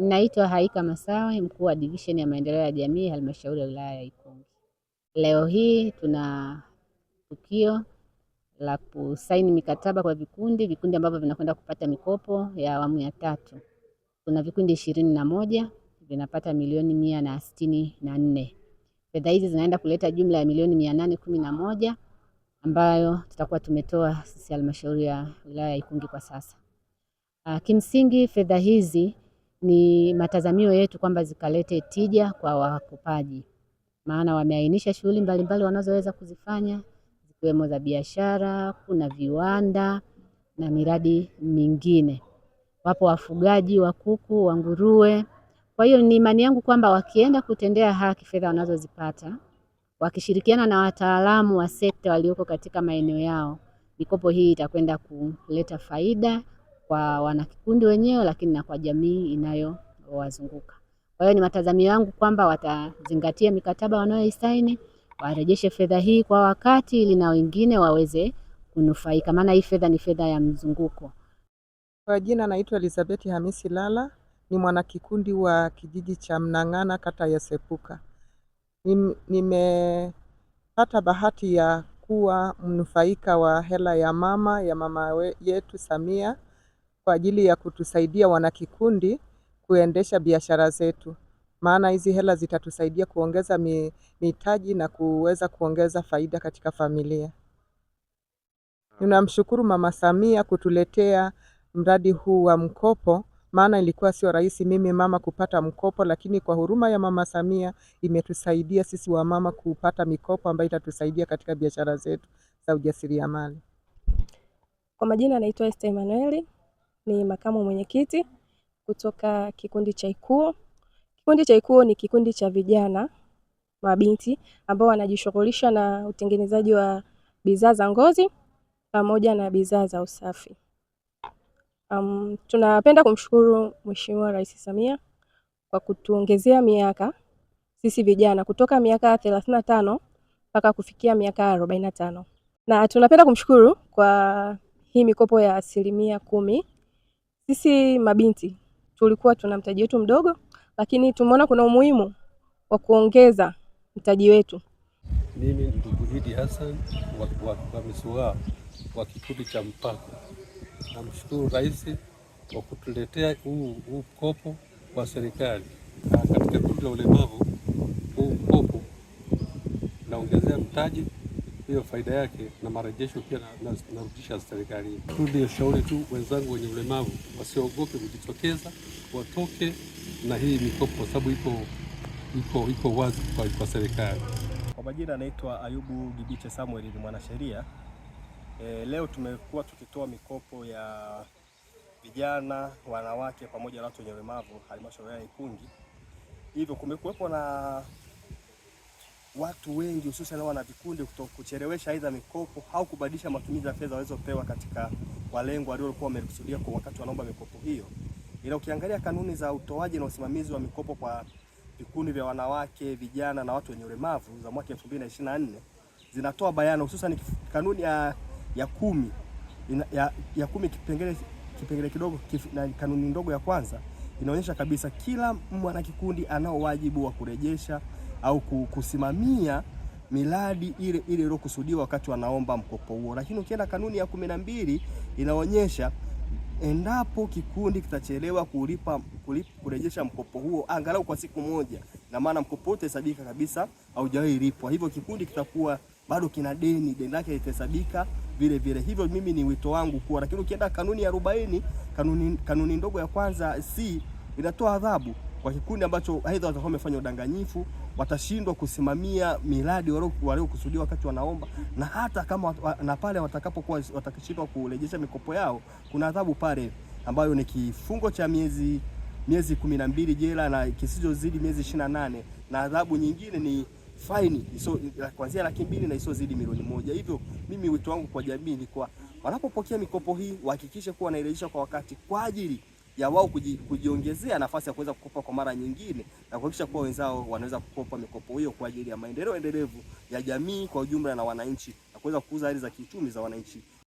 Naitwa Haika Masawe, mkuu wa divisheni ya maendeleo ya jamii halmashauri ya wilaya ya Ikungi. Leo hii tuna tukio la kusaini mikataba kwa vikundi, vikundi ambavyo vinakwenda kupata mikopo ya awamu ya tatu. Kuna vikundi ishirini na moja vinapata milioni mia na sitini na nne. Fedha hizi zinaenda kuleta jumla ya milioni mia nane kumi na moja ambayo tutakuwa tumetoa sisi halmashauri ya wilaya ya Ikungi kwa sasa. Ah, kimsingi fedha hizi ni matazamio yetu kwamba zikalete tija kwa wakopaji, maana wameainisha shughuli mbalimbali wanazoweza kuzifanya zikiwemo za biashara, kuna viwanda na miradi mingine. Wapo wafugaji wa kuku, wa nguruwe. Kwa hiyo ni imani yangu kwamba wakienda kutendea haki fedha wanazozipata, wakishirikiana na wataalamu wa sekta walioko katika maeneo yao, mikopo hii itakwenda kuleta faida kwa wanakikundi wenyewe, lakini na kwa jamii inayowazunguka. Kwa hiyo ni matazamio yangu kwamba watazingatia mikataba wanayoisaini, warejeshe fedha hii kwa wakati, ili na wengine waweze kunufaika, maana hii fedha ni fedha ya mzunguko. Kwa jina naitwa Elizabeth Hamisi Lala, ni mwanakikundi wa kijiji cha Mnang'ana, kata ya Sepuka. Nimepata bahati ya kuwa mnufaika wa hela ya mama ya mama yetu Samia kwa ajili ya kutusaidia wanakikundi kuendesha biashara zetu, maana hizi hela zitatusaidia kuongeza mitaji na kuweza kuongeza faida katika familia. Tunamshukuru Mama Samia kutuletea mradi huu wa mkopo, maana ilikuwa sio rahisi mimi mama kupata mkopo, lakini kwa huruma ya Mama Samia imetusaidia sisi wamama kupata mikopo ambayo itatusaidia katika biashara zetu za ujasiriamali. Kwa majina anaitwa Esther Emanueli ni makamu mwenyekiti kutoka kikundi cha Ikuo. Kikundi cha Ikuo ni kikundi cha vijana mabinti ambao wanajishughulisha na utengenezaji wa bidhaa za ngozi pamoja na bidhaa za usafi. Um, tunapenda kumshukuru Mheshimiwa Rais Samia kwa kutuongezea miaka sisi vijana kutoka miaka thelathini na tano mpaka kufikia miaka arobaini na tano na tunapenda kumshukuru kwa hii mikopo ya asilimia kumi sisi mabinti tulikuwa tuna mtaji wetu mdogo, lakini tumeona kuna umuhimu wa kuongeza mtaji wetu. Mimi ndugu Hidi Hassan wa, wa, wa wa kikundi cha Mpako, namshukuru Rais kwa kutuletea huu mkopo wa serikali katika kundi la ulemavu. Huu mkopo naongezea mtaji hiyo faida yake na marejesho pia narudisha na, na serikalini. Turudi shauri tu wenzangu wenye ulemavu wasiogope kujitokeza, watoke na hii mikopo kwa sababu iko iko iko wazi kwa, kwa serikali. Kwa majina anaitwa Ayubu Gibiche Samuel, ni mwanasheria e, leo tumekuwa tukitoa mikopo ya vijana, wanawake pamoja na watu wenye ulemavu halmashauri ya Ikungi, hivyo kumekuwepo na watu wengi hususan wana vikundi kuchelewesha aidha mikopo au kubadilisha matumizi ya fedha walizopewa katika walengo waliokuwa wamekusudia kwa wakati wanaomba mikopo hiyo. Ila ukiangalia kanuni za utoaji na usimamizi wa mikopo kwa vikundi vya wanawake, vijana na watu wenye ulemavu za mwaka 2024 zinatoa bayana hususan kanuni ya, ya kumi ya, ya kumi kipengele, kipengele kidogo kif, na kanuni ndogo ya kwanza inaonyesha kabisa kila mwanakikundi anao wajibu wa kurejesha au kusimamia miradi ile ile iliyokusudiwa wakati wanaomba mkopo huo. Lakini ukienda kanuni ya kumi na mbili inaonyesha endapo kikundi kitachelewa kulipa kurejesha mkopo huo angalau kwa siku moja, na maana mkopo utahesabika kabisa haujawahi lipwa, hivyo kikundi kitakuwa bado kina deni, deni lake litahesabika vile vile. Hivyo mimi ni wito wangu kuwa, lakini ukienda kanuni ya arobaini kanuni, kanuni ndogo ya kwanza si inatoa adhabu kwa kikundi ambacho aidha watakuwa wamefanya udanganyifu, watashindwa kusimamia miradi waliokusudia wakati wanaomba, na hata kama na pale watakapokuwa watakishindwa kurejesha mikopo yao, kuna adhabu pale ambayo ni kifungo cha miezi miezi kumi na mbili jela na kisizozidi miezi ishirini na nane na adhabu nyingine ni faini iso kuanzia laki mbili na isiyozidi milioni moja. Hivyo mimi wito wangu kwa jamii ni kwa wanapopokea mikopo hii wahakikishe kuwa wanairejesha kwa wakati kwa ajili ya wao kujiongezea nafasi ya kuweza kukopa kwa mara nyingine na kuhakikisha kuwa wenzao wanaweza kukopa mikopo hiyo kwa ajili ya maendeleo endelevu ya jamii kwa ujumla na wananchi na kuweza kukuza hali za kiuchumi za wananchi.